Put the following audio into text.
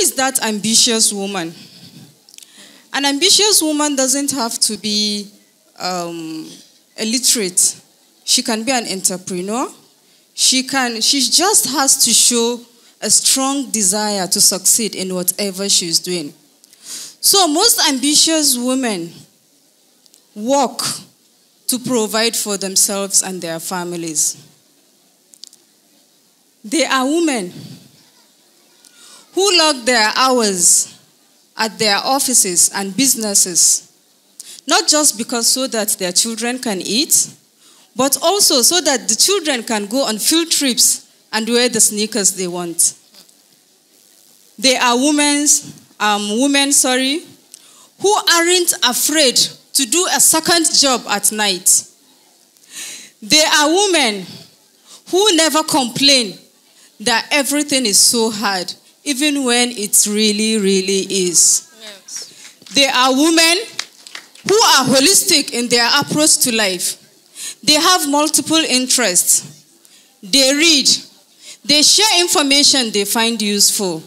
is that ambitious woman? An ambitious woman doesn't have to be um, illiterate. She can be an entrepreneur. She can. She just has to show a strong desire to succeed in whatever she is doing. So most ambitious women work to provide for themselves and their families. They are women who logged their hours at their offices and businesses, not just because so that their children can eat, but also so that the children can go on field trips and wear the sneakers they want. They are women's, um, women, sorry, who aren't afraid to do a second job at night. They are women who never complain that everything is so hard even when it really, really is. There are women who are holistic in their approach to life. They have multiple interests. They read. They share information they find useful.